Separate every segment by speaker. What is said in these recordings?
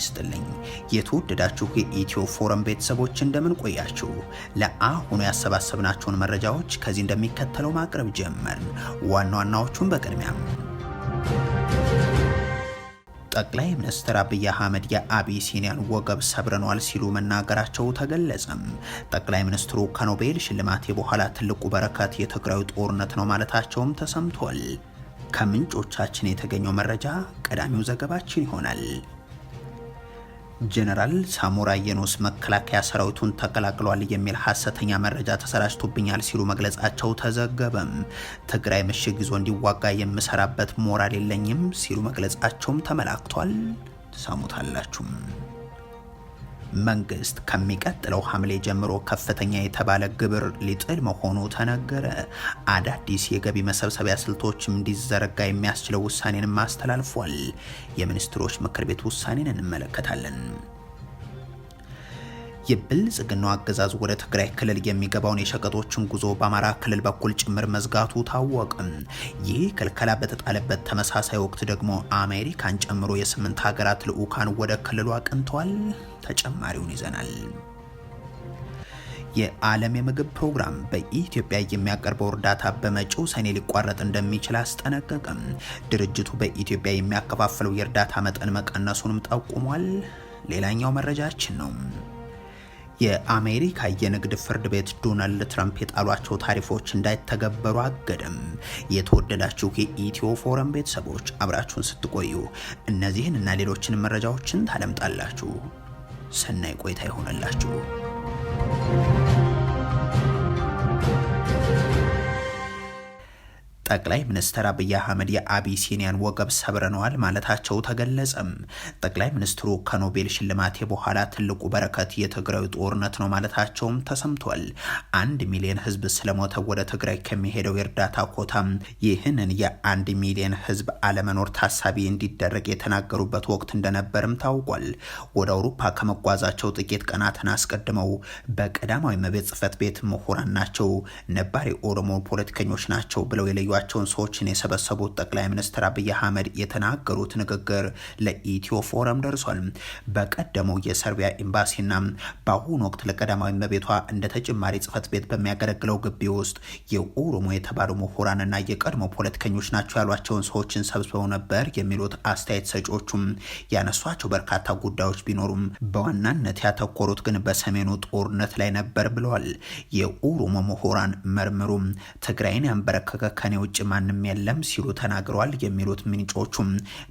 Speaker 1: ይስጥልኝ። የተወደዳችሁ የኢትዮ ፎረም ቤተሰቦች እንደምን ቆያችሁ? ለአሁኑ ያሰባሰብናቸውን መረጃዎች ከዚህ እንደሚከተለው ማቅረብ ጀመርን። ዋና ዋናዎቹን በቅድሚያም ጠቅላይ ሚኒስትር አብይ አህመድ የአቢሲኒያን ወገብ ሰብረኗል ሲሉ መናገራቸው ተገለጸም። ጠቅላይ ሚኒስትሩ ከኖቤል ሽልማት በኋላ ትልቁ በረከት የትግራዩ ጦርነት ነው ማለታቸውም ተሰምቷል። ከምንጮቻችን የተገኘው መረጃ ቀዳሚው ዘገባችን ይሆናል። ጀነራል ሳሞራ የኖስ መከላከያ ሰራዊቱን ተቀላቅሏል የሚል ሀሰተኛ መረጃ ተሰራጭቶብኛል ሲሉ መግለጻቸው ተዘገበም። ትግራይ ምሽግ ይዞ እንዲዋጋ የምሰራበት ሞራል የለኝም ሲሉ መግለጻቸውም ተመላክቷል። ሰሙታላችሁም መንግስት ከሚቀጥለው ሐምሌ ጀምሮ ከፍተኛ የተባለ ግብር ሊጥል መሆኑ ተነገረ። አዳዲስ የገቢ መሰብሰቢያ ስልቶችም እንዲዘረጋ የሚያስችለው ውሳኔንም አስተላልፏል። የሚኒስትሮች ምክር ቤት ውሳኔን እንመለከታለን። የብልጽግናው አገዛዝ ወደ ትግራይ ክልል የሚገባውን የሸቀጦችን ጉዞ በአማራ ክልል በኩል ጭምር መዝጋቱ ታወቅም። ይህ ክልከላ በተጣለበት ተመሳሳይ ወቅት ደግሞ አሜሪካን ጨምሮ የስምንት ሀገራት ልዑካን ወደ ክልሉ አቅንተዋል። ተጨማሪውን ይዘናል። የዓለም የምግብ ፕሮግራም በኢትዮጵያ የሚያቀርበው እርዳታ በመጪው ሰኔ ሊቋረጥ እንደሚችል አስጠነቀቀም። ድርጅቱ በኢትዮጵያ የሚያከፋፍለው የእርዳታ መጠን መቀነሱንም ጠቁሟል። ሌላኛው መረጃችን ነው። የአሜሪካ የንግድ ፍርድ ቤት ዶናልድ ትራምፕ የጣሏቸው ታሪፎች እንዳይተገበሩ አገደም። የተወደዳችሁ የኢትዮ ፎረም ቤተሰቦች አብራችሁን ስትቆዩ እነዚህን እና ሌሎችንም መረጃዎችን ታደምጣላችሁ። ሰናይ ቆይታ ይሆነላችሁ። ጠቅላይ ሚኒስትር አብይ አህመድ የአቢሲኒያን ወገብ ሰብረነዋል ማለታቸው ተገለጸም። ጠቅላይ ሚኒስትሩ ከኖቤል ሽልማቴ በኋላ ትልቁ በረከት የትግራይ ጦርነት ነው ማለታቸውም ተሰምቷል። አንድ ሚሊዮን ህዝብ ስለሞተ ወደ ትግራይ ከሚሄደው የእርዳታ ኮታም ይህንን የአንድ ሚሊዮን ህዝብ አለመኖር ታሳቢ እንዲደረግ የተናገሩበት ወቅት እንደነበርም ታውቋል። ወደ አውሮፓ ከመጓዛቸው ጥቂት ቀናትን አስቀድመው በቀዳማዊ እመቤት ጽህፈት ቤት ምሁራን ናቸው፣ ነባር የኦሮሞ ፖለቲከኞች ናቸው ብለው የለዩ ያሏቸውን ሰዎችን የሰበሰቡት ጠቅላይ ሚኒስትር አብይ አህመድ የተናገሩት ንግግር ለኢትዮ ፎረም ደርሷል። በቀደመው የሰርቢያ ኤምባሲና በአሁኑ ወቅት ለቀዳማዊ እመቤቷ እንደ ተጨማሪ ጽህፈት ቤት በሚያገለግለው ግቢ ውስጥ የኦሮሞ የተባሉ ምሁራንና የቀድሞ ፖለቲከኞች ናቸው ያሏቸውን ሰዎችን ሰብስበው ነበር የሚሉት አስተያየት ሰጪዎቹም ያነሷቸው በርካታ ጉዳዮች ቢኖሩም በዋናነት ያተኮሩት ግን በሰሜኑ ጦርነት ላይ ነበር ብለዋል። የኦሮሞ ምሁራን መርምሩም ትግራይን ያንበረከከ ከኔው ውጭ ማንም የለም ሲሉ ተናግረዋል የሚሉት ምንጮቹም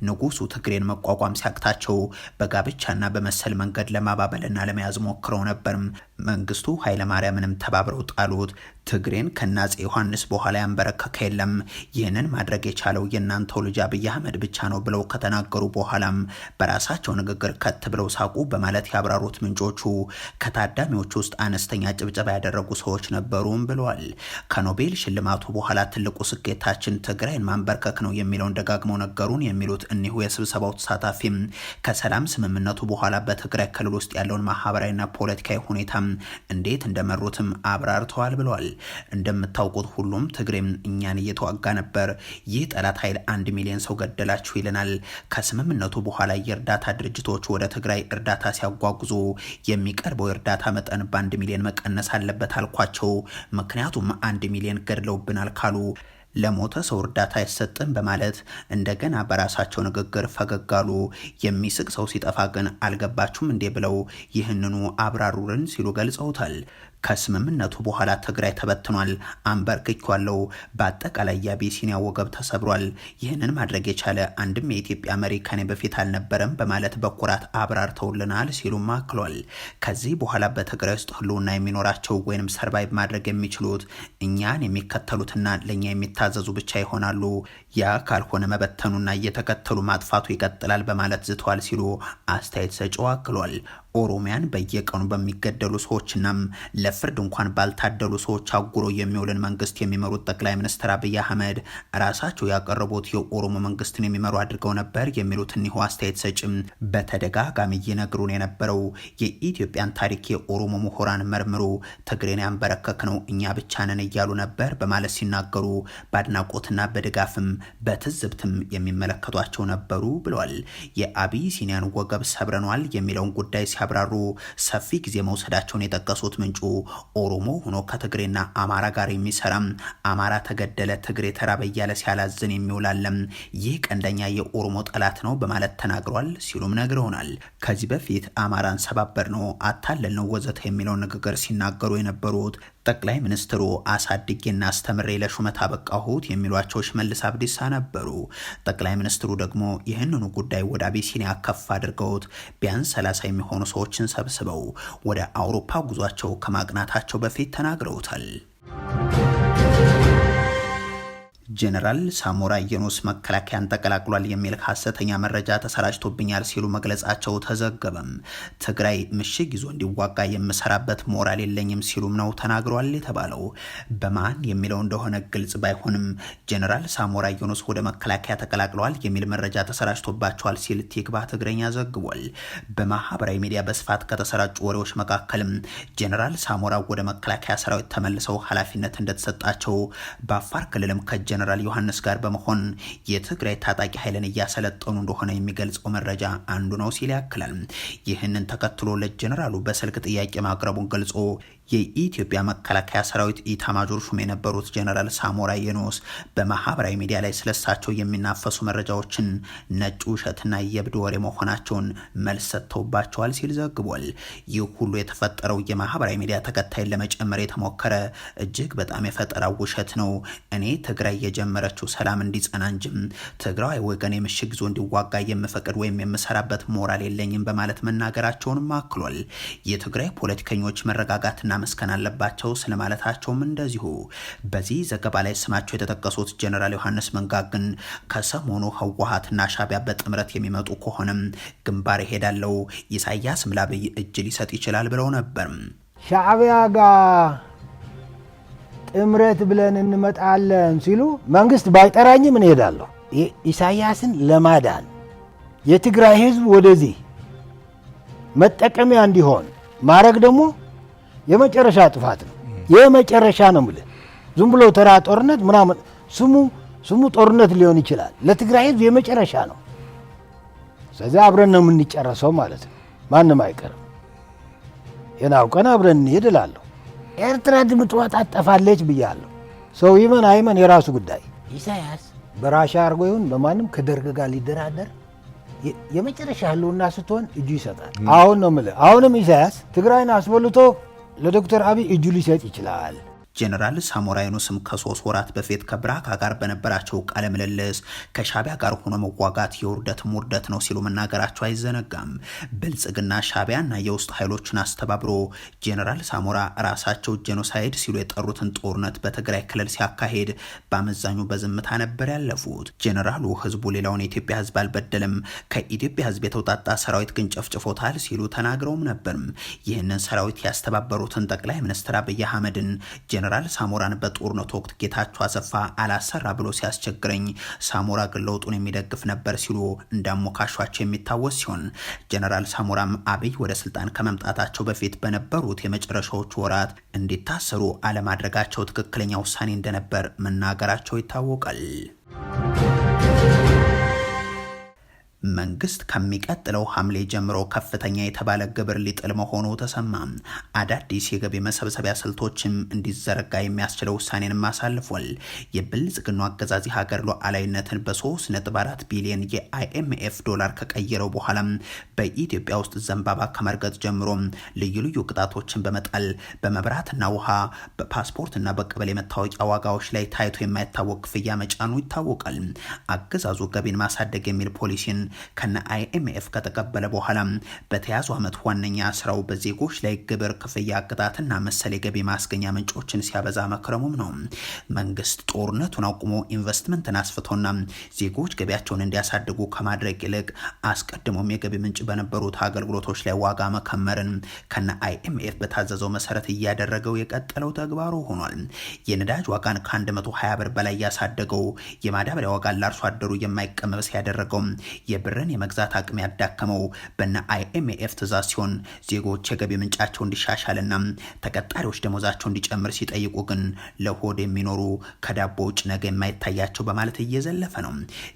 Speaker 1: ንጉሱ ትግሬን መቋቋም ሲያቅታቸው በጋብቻና በመሰል መንገድ ለማባበልና ለመያዝ ሞክረው ነበርም። መንግስቱ ኃይለማርያምንም ተባብረው ጣሉት። ትግሬን ከናጼ ዮሐንስ በኋላ ያንበረከከ የለም። ይህንን ማድረግ የቻለው የእናንተው ልጅ አብይ አህመድ ብቻ ነው ብለው ከተናገሩ በኋላም በራሳቸው ንግግር ከት ብለው ሳቁ በማለት ያብራሩት ምንጮቹ ከታዳሚዎች ውስጥ አነስተኛ ጭብጨባ ያደረጉ ሰዎች ነበሩም ብለዋል። ከኖቤል ሽልማቱ በኋላ ትልቁ ስኬ ስኬታችን ትግራይን ማንበርከክ ነው የሚለውን ደጋግመው ነገሩን የሚሉት እኒሁ የስብሰባው ተሳታፊ ከሰላም ስምምነቱ በኋላ በትግራይ ክልል ውስጥ ያለውን ማህበራዊና ፖለቲካዊ ሁኔታም እንዴት እንደመሩትም አብራርተዋል ብለዋል። እንደምታውቁት ሁሉም ትግሬም እኛን እየተዋጋ ነበር። ይህ ጠላት ኃይል አንድ ሚሊዮን ሰው ገደላችሁ ይለናል። ከስምምነቱ በኋላ የእርዳታ ድርጅቶች ወደ ትግራይ እርዳታ ሲያጓጉዙ የሚቀርበው የእርዳታ መጠን በአንድ ሚሊዮን መቀነስ አለበት አልኳቸው። ምክንያቱም አንድ ሚሊዮን ገድለውብናል ካሉ ለሞተ ሰው እርዳታ አይሰጥም በማለት እንደገና በራሳቸው ንግግር ፈገግ አሉ። የሚስቅ ሰው ሲጠፋ ግን አልገባችሁም እንዴ ብለው ይህንኑ አብራሩልን ሲሉ ገልጸውታል። ከስምምነቱ በኋላ ትግራይ ተበትኗል፣ አንበርክኳለው፣ በአጠቃላይ የአቢሲኒያ ወገብ ተሰብሯል። ይህንን ማድረግ የቻለ አንድም የኢትዮጵያ መሪ ከኔ በፊት አልነበረም በማለት በኩራት አብራርተውልናል ሲሉም አክሏል። ከዚህ በኋላ በትግራይ ውስጥ ህልውና የሚኖራቸው ወይንም ሰርቫይቭ ማድረግ የሚችሉት እኛን የሚከተሉትና ለእኛ የሚታዘዙ ብቻ ይሆናሉ። ያ ካልሆነ መበተኑና እየተከተሉ ማጥፋቱ ይቀጥላል በማለት ዝተዋል ሲሉ አስተያየት ሰጪው አክሏል። ኦሮሚያን በየቀኑ በሚገደሉ ሰዎችና ለፍርድ እንኳን ባልታደሉ ሰዎች አጉሮ የሚውልን መንግስት የሚመሩት ጠቅላይ ሚኒስትር አብይ አህመድ ራሳቸው ያቀረቡት የኦሮሞ መንግስትን የሚመሩ አድርገው ነበር የሚሉት እኒሁ አስተያየት ሰጭም በተደጋጋሚ ይነግሩን የነበረው የኢትዮጵያን ታሪክ የኦሮሞ ምሁራን መርምሩ፣ ትግሬን ያንበረከክ ነው እኛ ብቻ እያሉ ነበር በማለት ሲናገሩ በአድናቆትና በድጋፍም በትዝብትም የሚመለከቷቸው ነበሩ ብለዋል። የአቢሲኒያን ወገብ ሰብረኗል የሚለውን ጉዳይ ሲያ ሲያብራሩ ሰፊ ጊዜ መውሰዳቸውን የጠቀሱት ምንጩ ኦሮሞ ሆኖ ከትግሬና አማራ ጋር የሚሰራም አማራ ተገደለ ትግሬ ተራበ እያለ ሲያላዝን የሚውላለም ይህ ቀንደኛ የኦሮሞ ጠላት ነው በማለት ተናግሯል ሲሉም ነግረውናል። ከዚህ በፊት አማራን ሰባበር ነው አታለል ነው ወዘተ የሚለውን ንግግር ሲናገሩ የነበሩት ጠቅላይ ሚኒስትሩ አሳድጌና አስተምሬ ለሹመት አበቃሁት የሚሏቸው ሽመልስ አብዲሳ ነበሩ። ጠቅላይ ሚኒስትሩ ደግሞ ይህንኑ ጉዳይ ወደ አቢሲኒያ ከፍ አድርገውት ቢያንስ ሰላሳ የሚሆኑ ሰዎችን ሰብስበው ወደ አውሮፓ ጉዟቸው ከማቅናታቸው በፊት ተናግረውታል። ጀነራል ሳሞራ የኖስ መከላከያን ተቀላቅሏል የሚል ሀሰተኛ መረጃ ተሰራጭቶብኛል ሲሉ መግለጻቸው ተዘገበም። ትግራይ ምሽግ ይዞ እንዲዋጋ የምሰራበት ሞራል የለኝም ሲሉም ነው ተናግሯል የተባለው። በማን የሚለው እንደሆነ ግልጽ ባይሆንም ጀነራል ሳሞራ የኖስ ወደ መከላከያ ተቀላቅለዋል የሚል መረጃ ተሰራጭቶባቸዋል ሲል ቲክባ ትግረኛ ዘግቧል። በማህበራዊ ሚዲያ በስፋት ከተሰራጩ ወሬዎች መካከልም ጀነራል ሳሞራ ወደ መከላከያ ሰራዊት ተመልሰው ኃላፊነት እንደተሰጣቸው በአፋር ክልልም ከጀ ጀነራል ዮሐንስ ጋር በመሆን የትግራይ ታጣቂ ኃይልን እያሰለጠኑ እንደሆነ የሚገልጸው መረጃ አንዱ ነው ሲል ያክላል። ይህንን ተከትሎ ለጀነራሉ በስልክ ጥያቄ ማቅረቡን ገልጾ የኢትዮጵያ መከላከያ ሰራዊት ኢታማጆር ሹም የነበሩት ጀነራል ሳሞራ የኖስ በማህበራዊ ሚዲያ ላይ ስለሳቸው የሚናፈሱ መረጃዎችን ነጭ ውሸትና የብድ ወሬ መሆናቸውን መልስ ሰጥተውባቸዋል ሲል ዘግቧል። ይህ ሁሉ የተፈጠረው የማህበራዊ ሚዲያ ተከታይን ለመጨመር የተሞከረ እጅግ በጣም የፈጠራው ውሸት ነው። እኔ ትግራይ የጀመረችው ሰላም እንዲጸና እንጂም ትግራዊ ወገን የምሽግ ይዞ እንዲዋጋ የምፈቅድ ወይም የምሰራበት ሞራል የለኝም በማለት መናገራቸውንም አክሏል። የትግራይ ፖለቲከኞች መረጋጋትና መስከን አለባቸው ስለማለታቸውም እንደዚሁ በዚህ ዘገባ ላይ ስማቸው የተጠቀሱት ጀኔራል ዮሐንስ መንጋ ግን ከሰሞኑ ህወሀትና ሻቢያ በጥምረት የሚመጡ ከሆነም ግንባር ይሄዳለው ኢሳያስም ምላብይ እጅ ሊሰጥ ይችላል ብለው ነበር።
Speaker 2: ሻዕቢያ ጋር ጥምረት ብለን እንመጣለን ሲሉ መንግስት ምን እንሄዳለሁ ኢሳያስን ለማዳን የትግራይ ህዝብ ወደዚህ መጠቀሚያ እንዲሆን ማድረግ ደግሞ የመጨረሻ ጥፋት ነው። የመጨረሻ ነው የምልህ። ዝም ብሎ ተራ ጦርነት ምናምን ስሙ ስሙ ጦርነት ሊሆን ይችላል። ለትግራይ ህዝብ የመጨረሻ ነው። ስለዚህ አብረን ነው የምንጨረሰው ማለት ነው። ማንም አይቀርም። የናውቀን አብረን እንሄድ እላለሁ። ኤርትራ ድምጥዋት አጠፋለች ብያለሁ። ሰው ይመን አይመን የራሱ ጉዳይ። ኢሳያስ በራሻ አድርጎ ይሁን በማንም ከደርግ ጋር ሊደራደር የመጨረሻ ህልውና ስትሆን እጁ ይሰጣል። አሁን ነው የምልህ። አሁንም ኢሳያስ ትግራይን አስበልቶ ለዶክተር አብይ እጁ ሊሰጥ ይችላል።
Speaker 1: ጄኔራል ሳሞራ የኑስም ከሶስት ወራት በፊት ከብራካ ጋር በነበራቸው ቃለ ምልልስ ከሻቢያ ጋር ሆኖ መዋጋት የውርደትም ውርደት ነው ሲሉ መናገራቸው አይዘነጋም። ብልጽግና ሻቢያና የውስጥ ኃይሎችን አስተባብሮ ጄኔራል ሳሞራ ራሳቸው ጄኖሳይድ ሲሉ የጠሩትን ጦርነት በትግራይ ክልል ሲያካሄድ በአመዛኙ በዝምታ ነበር ያለፉት። ጄኔራሉ ህዝቡ ሌላውን የኢትዮጵያ ህዝብ አልበደልም፣ ከኢትዮጵያ ህዝብ የተውጣጣ ሰራዊት ግን ጨፍጭፎታል ሲሉ ተናግረውም ነበርም። ይህንን ሰራዊት ያስተባበሩትን ጠቅላይ ሚኒስትር አብይ አህመድን ጀነራል ሳሞራን በጦርነቱ ወቅት ጌታቸው አሰፋ አላሰራ ብሎ ሲያስቸግረኝ ሳሞራ ግን ለውጡን የሚደግፍ ነበር ሲሉ እንዳሞካሿቸው የሚታወስ ሲሆን ጀነራል ሳሞራም አብይ ወደ ስልጣን ከመምጣታቸው በፊት በነበሩት የመጨረሻዎቹ ወራት እንዲታሰሩ አለማድረጋቸው ትክክለኛ ውሳኔ እንደነበር መናገራቸው ይታወቃል። መንግስት ከሚቀጥለው ሐምሌ ጀምሮ ከፍተኛ የተባለ ግብር ሊጥል መሆኑ ተሰማ። አዳዲስ የገቢ መሰብሰቢያ ስልቶችም እንዲዘረጋ የሚያስችለው ውሳኔንም አሳልፏል። የብልጽግና አገዛዝ ሀገር ሉዓላዊነትን በ 34 ቢሊዮን የአይኤምኤፍ ዶላር ከቀየረው በኋላ በኢትዮጵያ ውስጥ ዘንባባ ከመርገጥ ጀምሮ ልዩ ልዩ ቅጣቶችን በመጣል በመብራትና ውሃ፣ በፓስፖርትና በቀበሌ መታወቂያ ዋጋዎች ላይ ታይቶ የማይታወቅ ክፍያ መጫኑ ይታወቃል። አገዛዙ ገቢን ማሳደግ የሚል ፖሊሲን ከነ አይኤምኤፍ ከተቀበለ በኋላ በተያዙ ዓመት ዋነኛ ስራው በዜጎች ላይ ግብር ክፍያ፣ ቅጣትና መሰል የገቢ ማስገኛ ምንጮችን ሲያበዛ መክረሙም ነው። መንግስት ጦርነቱን አቁሞ ኢንቨስትመንትን አስፍቶና ዜጎች ገቢያቸውን እንዲያሳድጉ ከማድረግ ይልቅ አስቀድሞም የገቢ ምንጭ በነበሩት አገልግሎቶች ላይ ዋጋ መከመርን ከነ አይኤምኤፍ በታዘዘው መሰረት እያደረገው የቀጠለው ተግባሩ ሆኗል። የነዳጅ ዋጋን ከ120 ብር በላይ ያሳደገው፣ የማዳበሪያ ዋጋን ለአርሶ አደሩ የማይቀመስ ያደረገው፣ የብርን የመግዛት አቅም ያዳከመው በነ አይኤምኤፍ ትእዛዝ ሲሆን ዜጎች የገቢ ምንጫቸው እንዲሻሻልና ተቀጣሪዎች ደሞዛቸው እንዲጨምር ሲጠይቁ ግን ለሆድ የሚኖሩ ከዳቦ ውጭ ነገ የማይታያቸው በማለት እየዘለፈ ነው።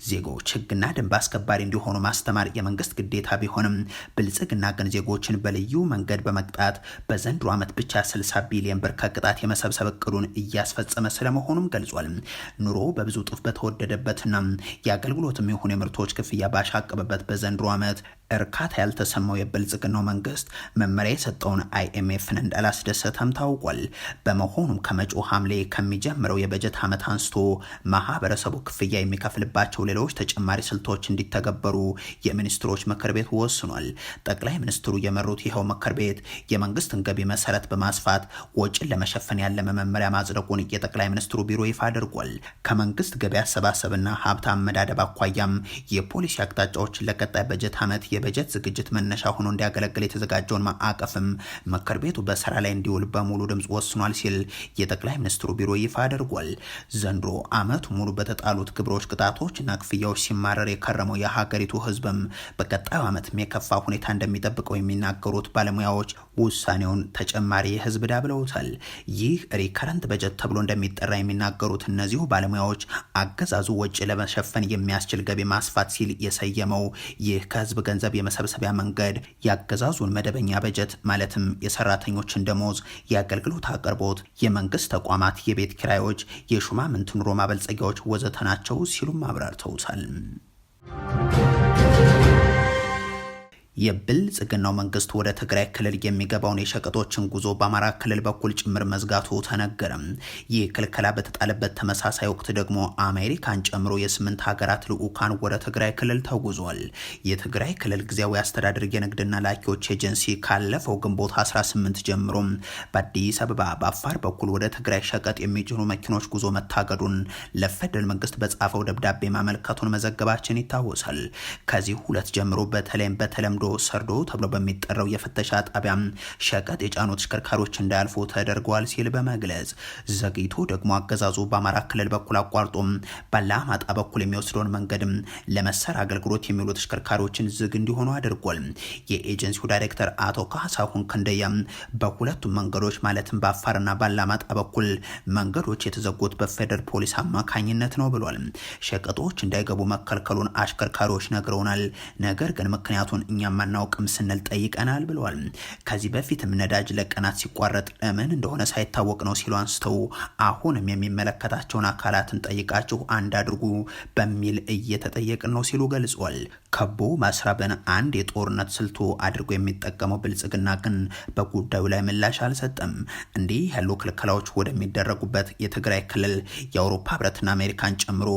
Speaker 1: ዜጎች ህግና ደንብ አስከባሪ እንዲሆኑ ማስተማር የመንግስት ግዴታ ቢሆንም ብልጽግና ግን ዜጎችን በልዩ መንገድ በመቅጣት በዘንድሮ ዓመት ብቻ 60 ቢሊዮን ብር ከቅጣት የመሰብሰብ እቅዱን እያስፈጸመ ስለመሆኑም ገልጿል። ኑሮ በብዙ ጥፍ በተወደደበትና የአገልግሎትም ይሁን የምርቶች ክፍያ ባሻ ባሻቀበበት በዘንድሮ ዓመት እርካታ ያልተሰማው የብልጽግናው መንግስት መመሪያ የሰጠውን አይኤምኤፍን እንዳላስደሰተም ታውቋል። በመሆኑም ከመጪው ሐምሌ ከሚጀምረው የበጀት ዓመት አንስቶ ማህበረሰቡ ክፍያ የሚከፍልባቸው ሌሎች ተጨማሪ ስልቶች እንዲተገበሩ የሚኒስትሮች ምክር ቤት ወስኗል። ጠቅላይ ሚኒስትሩ የመሩት ይኸው ምክር ቤት የመንግስትን ገቢ መሰረት በማስፋት ወጪን ለመሸፈን ያለመ መመሪያ ማጽደቁን የጠቅላይ ሚኒስትሩ ቢሮ ይፋ አድርጓል። ከመንግስት ገቢ አሰባሰብና ሀብት አመዳደብ አኳያም የፖሊሲ አቅጣጫዎችን ለቀጣይ በጀት ዓመት የበጀት ዝግጅት መነሻ ሆኖ እንዲያገለግል የተዘጋጀውን ማዕቀፍም ምክር ቤቱ በስራ ላይ እንዲውል በሙሉ ድምፅ ወስኗል ሲል የጠቅላይ ሚኒስትሩ ቢሮ ይፋ አድርጓል። ዘንድሮ አመቱ ሙሉ በተጣሉት ግብሮች፣ ቅጣቶችና ክፍያዎች ሲማረር የከረመው የሀገሪቱ ህዝብም በቀጣዩ ዓመትም የከፋ ሁኔታ እንደሚጠብቀው የሚናገሩት ባለሙያዎች ውሳኔውን ተጨማሪ የህዝብ ዕዳ ብለውታል። ይህ ሪከረንት በጀት ተብሎ እንደሚጠራ የሚናገሩት እነዚሁ ባለሙያዎች አገዛዙ ወጪ ለመሸፈን የሚያስችል ገቢ ማስፋት ሲል የሰየመው ይህ ከህዝብ ገንዘብ ገንዘብ የመሰብሰቢያ መንገድ፣ የአገዛዙን መደበኛ በጀት ማለትም የሰራተኞችን ደሞዝ፣ የአገልግሎት አቅርቦት፣ የመንግስት ተቋማት የቤት ኪራዮች፣ የሹማምንት ኑሮ ማበልጸጊያዎች ወዘተ ናቸው ሲሉም አብራርተውታል። የብልጽግናው መንግስት ወደ ትግራይ ክልል የሚገባውን የሸቀጦችን ጉዞ በአማራ ክልል በኩል ጭምር መዝጋቱ ተነገረም። ይህ ክልከላ በተጣለበት ተመሳሳይ ወቅት ደግሞ አሜሪካን ጨምሮ የስምንት ሀገራት ልዑካን ወደ ትግራይ ክልል ተጉዟል። የትግራይ ክልል ጊዜያዊ አስተዳደር የንግድና ላኪዎች ኤጀንሲ ካለፈው ግንቦት 18 ጀምሮ በአዲስ አበባ በአፋር በኩል ወደ ትግራይ ሸቀጥ የሚጭኑ መኪኖች ጉዞ መታገዱን ለፌደራል መንግስት በጻፈው ደብዳቤ ማመልከቱን መዘገባችን ይታወሳል። ከዚህ ሁለት ጀምሮ በተለይም በተለምዶ በተለምዶ ሰርዶ ተብሎ በሚጠራው የፍተሻ ጣቢያ ሸቀጥ የጫኑ ተሽከርካሪዎች እንዳያልፉ ተደርጓል ሲል በመግለጽ ዘግይቶ ደግሞ አገዛዙ በአማራ ክልል በኩል አቋርጦ ባላማጣ በኩል የሚወስደውን መንገድ ለመሰር አገልግሎት የሚውሉ ተሽከርካሪዎችን ዝግ እንዲሆኑ አድርጓል። የኤጀንሲው ዳይሬክተር አቶ ካሳሁን ክንደያ በሁለቱም መንገዶች ማለትም በአፋርና ባላማጣ በኩል መንገዶች የተዘጉት በፌደራል ፖሊስ አማካኝነት ነው ብሏል። ሸቀጦች እንዳይገቡ መከልከሉን አሽከርካሪዎች ነግረውናል። ነገር ግን ምክንያቱን እኛ እኛም አናውቅም ስንል ጠይቀናል ብለዋል። ከዚህ በፊትም ነዳጅ ለቀናት ሲቋረጥ ለምን እንደሆነ ሳይታወቅ ነው ሲሉ አንስተው አሁንም የሚመለከታቸውን አካላትን ጠይቃችሁ አንድ አድርጉ በሚል እየተጠየቅን ነው ሲሉ ገልጿል። ከቦ ማስራብን አንድ የጦርነት ስልቱ አድርጎ የሚጠቀመው ብልጽግና ግን በጉዳዩ ላይ ምላሽ አልሰጠም። እንዲህ ያሉ ክልከላዎች ወደሚደረጉበት የትግራይ ክልል የአውሮፓ ህብረትና አሜሪካን ጨምሮ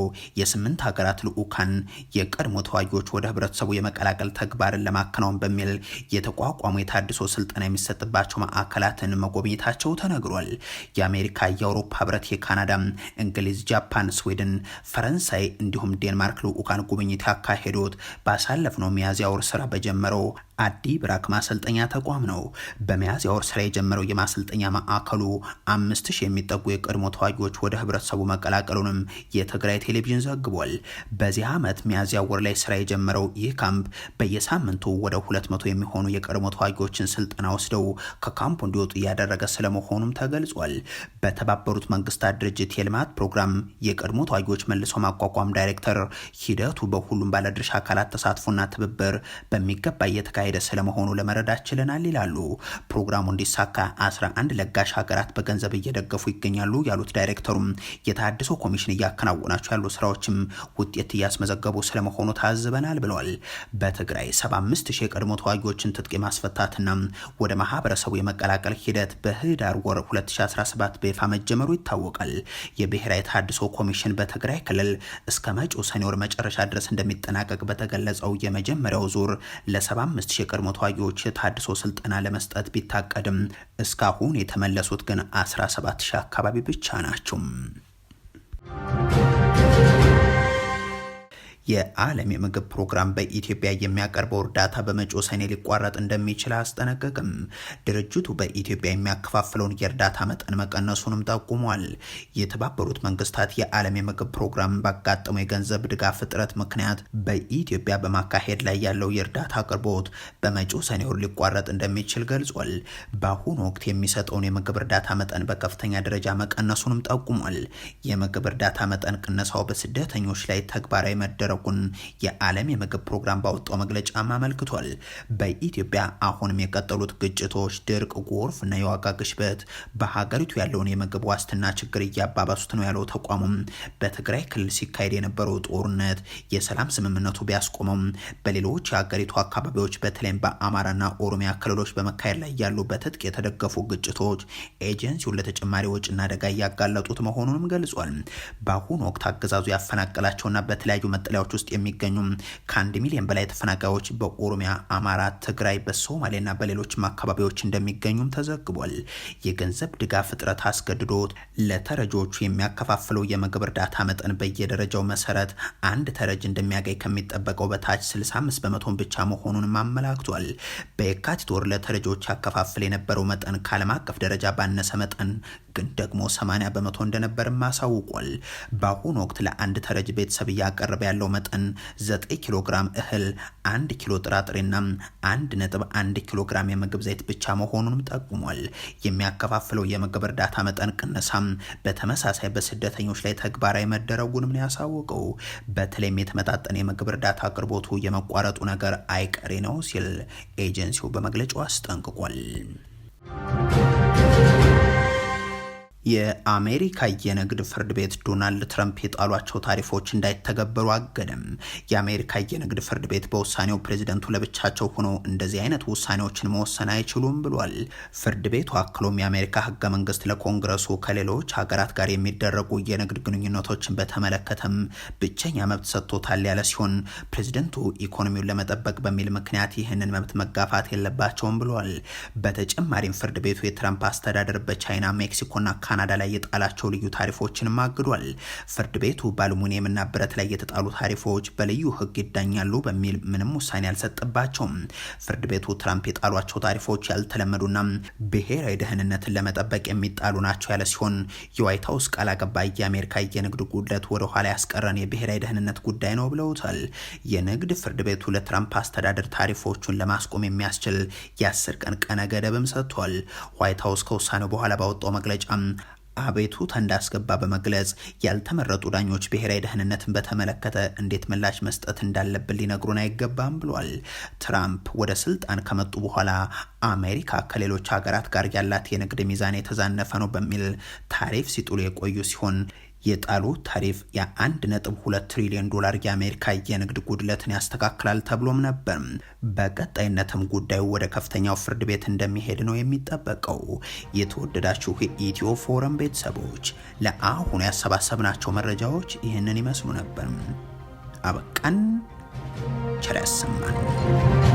Speaker 1: የስምንት ሀገራት ልዑካን የቀድሞ ተዋጊዎች ወደ ህብረተሰቡ የመቀላቀል ተግባርን ለማ ለማከናወን በሚል የተቋቋሙ የታድሶ ስልጠና የሚሰጥባቸው ማዕከላትን መጎብኘታቸው ተነግሯል። የአሜሪካ፣ የአውሮፓ ህብረት፣ የካናዳ፣ እንግሊዝ፣ ጃፓን፣ ስዊድን፣ ፈረንሳይ እንዲሁም ዴንማርክ ልዑካን ጉብኝት ያካሄዱት ባሳለፍነው ሚያዝያ ወር ስራ በጀመረው አዲ ብራክ ማሰልጠኛ ተቋም ነው። በሚያዝያ ወር ስራ የጀመረው የማሰልጠኛ ማዕከሉ አምስት ሺህ የሚጠጉ የቀድሞ ተዋጊዎች ወደ ህብረተሰቡ መቀላቀሉንም የትግራይ ቴሌቪዥን ዘግቧል። በዚህ ዓመት ሚያዝያ ወር ላይ ስራ የጀመረው ይህ ካምፕ በየሳምንቱ ወደ 200 የሚሆኑ የቀድሞ ተዋጊዎችን ስልጠና ወስደው ከካምፕ እንዲወጡ እያደረገ ስለመሆኑም ተገልጿል። በተባበሩት መንግስታት ድርጅት የልማት ፕሮግራም የቀድሞ ተዋጊዎች መልሶ ማቋቋም ዳይሬክተር ሂደቱ በሁሉም ባለድርሻ አካላት ተሳትፎና ትብብር በሚገባ እየተካሄደ ስለመሆኑ ለመረዳት ችለናል ይላሉ። ፕሮግራሙ እንዲሳካ 11 ለጋሽ ሀገራት በገንዘብ እየደገፉ ይገኛሉ ያሉት ዳይሬክተሩም የተሃድሶ ኮሚሽን እያከናወናቸው ያሉ ስራዎችም ውጤት እያስመዘገቡ ስለመሆኑ ታዝበናል ብለዋል። በትግራይ 75 አምስት ሺህ የቀድሞ ተዋጊዎችን ትጥቅ የማስፈታትና ወደ ማህበረሰቡ የመቀላቀል ሂደት በህዳር ወር 2017 በይፋ መጀመሩ ይታወቃል። የብሔራዊ ተሃድሶ ኮሚሽን በትግራይ ክልል እስከ መጪው ሰኔ ወር መጨረሻ ድረስ እንደሚጠናቀቅ በተገለጸው የመጀመሪያው ዙር ለ75 ሺህ የቀድሞ ተዋጊዎች ተሃድሶ ስልጠና ለመስጠት ቢታቀድም እስካሁን የተመለሱት ግን 17 ሺህ አካባቢ ብቻ ናቸው። የዓለም የምግብ ፕሮግራም በኢትዮጵያ የሚያቀርበው እርዳታ በመጪው ሰኔ ሊቋረጥ እንደሚችል አስጠነቀቅም። ድርጅቱ በኢትዮጵያ የሚያከፋፍለውን የእርዳታ መጠን መቀነሱንም ጠቁሟል። የተባበሩት መንግስታት የዓለም የምግብ ፕሮግራም ባጋጠመው የገንዘብ ድጋፍ እጥረት ምክንያት በኢትዮጵያ በማካሄድ ላይ ያለው የእርዳታ አቅርቦት በመጪው ሰኔ ወር ሊቋረጥ እንደሚችል ገልጿል። በአሁኑ ወቅት የሚሰጠውን የምግብ እርዳታ መጠን በከፍተኛ ደረጃ መቀነሱንም ጠቁሟል። የምግብ እርዳታ መጠን ቅነሳው በስደተኞች ላይ ተግባራዊ መደረ ማድረጉን የዓለም የምግብ ፕሮግራም ባወጣው መግለጫም አመልክቷል። በኢትዮጵያ አሁንም የቀጠሉት ግጭቶች፣ ድርቅ፣ ጎርፍ እና የዋጋ ግሽበት በሀገሪቱ ያለውን የምግብ ዋስትና ችግር እያባባሱት ነው ያለው ተቋሙም በትግራይ ክልል ሲካሄድ የነበረው ጦርነት የሰላም ስምምነቱ ቢያስቆመውም በሌሎች የሀገሪቱ አካባቢዎች በተለይም በአማራና ኦሮሚያ ክልሎች በመካሄድ ላይ ያሉ በትጥቅ የተደገፉ ግጭቶች ኤጀንሲውን ለተጨማሪ ወጪና አደጋ እያጋለጡት መሆኑንም ገልጿል። በአሁኑ ወቅት አገዛዙ ያፈናቀላቸውና በተለያዩ መጠለያ ወረዳዎች ውስጥ የሚገኙ ከአንድ ሚሊዮን በላይ ተፈናቃዮች በኦሮሚያ፣ አማራ፣ ትግራይ፣ በሶማሌና በሌሎችም አካባቢዎች እንደሚገኙም ተዘግቧል። የገንዘብ ድጋፍ እጥረት አስገድዶት ለተረጂዎቹ የሚያከፋፍለው የምግብ እርዳታ መጠን በየደረጃው መሰረት አንድ ተረጅ እንደሚያገኝ ከሚጠበቀው በታች 65 በመቶን ብቻ መሆኑንም አመላክቷል። በየካቲት ወር ለተረጂዎች ያከፋፍል የነበረው መጠን ከዓለም አቀፍ ደረጃ ባነሰ መጠን ግን ደግሞ 80 በመቶ እንደነበርም አሳውቋል። በአሁኑ ወቅት ለአንድ ተረጅ ቤተሰብ እያቀረበ ያለው መጠን 9 ኪሎ ግራም እህል፣ 1 ኪሎ ጥራጥሬና 1 ነጥብ 1 ኪሎ ግራም የምግብ ዘይት ብቻ መሆኑንም ጠቁሟል። የሚያከፋፍለው የምግብ እርዳታ መጠን ቅነሳም በተመሳሳይ በስደተኞች ላይ ተግባራዊ መደረጉንም ነው ያሳወቀው። በተለይም የተመጣጠነ የምግብ እርዳታ አቅርቦቱ የመቋረጡ ነገር አይቀሬ ነው ሲል ኤጀንሲው በመግለጫው አስጠንቅቋል። የአሜሪካ የንግድ ፍርድ ቤት ዶናልድ ትረምፕ የጣሏቸው ታሪፎች እንዳይተገበሩ አገደም። የአሜሪካ የንግድ ፍርድ ቤት በውሳኔው ፕሬዚደንቱ ለብቻቸው ሆኖ እንደዚህ አይነት ውሳኔዎችን መወሰን አይችሉም ብሏል። ፍርድ ቤቱ አክሎም የአሜሪካ ህገ መንግስት ለኮንግረሱ ከሌሎች ሀገራት ጋር የሚደረጉ የንግድ ግንኙነቶችን በተመለከተም ብቸኛ መብት ሰጥቶታል ያለ ሲሆን ፕሬዚደንቱ ኢኮኖሚውን ለመጠበቅ በሚል ምክንያት ይህንን መብት መጋፋት የለባቸውም ብሏል። በተጨማሪም ፍርድ ቤቱ የትረምፕ አስተዳደር በቻይና ሜክሲኮና ካናዳ ላይ የጣላቸው ልዩ ታሪፎችንም አግዷል። ፍርድ ቤቱ በአሉሚኒየምና ብረት ላይ የተጣሉ ታሪፎች በልዩ ህግ ይዳኛሉ በሚል ምንም ውሳኔ አልሰጠባቸውም። ፍርድ ቤቱ ትራምፕ የጣሏቸው ታሪፎች ያልተለመዱና ብሔራዊ ደህንነትን ለመጠበቅ የሚጣሉ ናቸው ያለ ሲሆን የዋይት ሀውስ ቃል አቀባይ የአሜሪካ የንግድ ጉድለት ወደኋላ ያስቀረን የብሔራዊ ደህንነት ጉዳይ ነው ብለውታል። የንግድ ፍርድ ቤቱ ለትራምፕ አስተዳደር ታሪፎቹን ለማስቆም የሚያስችል የአስር ቀን ቀነ ገደብም ሰጥቷል። ዋይት ሀውስ ከውሳኔው በኋላ ባወጣው መግለጫ አቤቱታ እንዳስገባ በመግለጽ ያልተመረጡ ዳኞች ብሔራዊ ደህንነትን በተመለከተ እንዴት ምላሽ መስጠት እንዳለብን ሊነግሩን አይገባም ብሏል። ትራምፕ ወደ ስልጣን ከመጡ በኋላ አሜሪካ ከሌሎች ሀገራት ጋር ያላት የንግድ ሚዛን የተዛነፈ ነው በሚል ታሪፍ ሲጥሉ የቆዩ ሲሆን የጣሉ ታሪፍ የ1.2 ትሪሊዮን ዶላር የአሜሪካ የንግድ ጉድለትን ያስተካክላል ተብሎም ነበር። በቀጣይነትም ጉዳዩ ወደ ከፍተኛው ፍርድ ቤት እንደሚሄድ ነው የሚጠበቀው። የተወደዳችሁ የኢትዮ ፎረም ቤተሰቦች ለአሁኑ ያሰባሰብናቸው መረጃዎች ይህንን ይመስሉ ነበር። አበቃን። ቸር ያሰማን።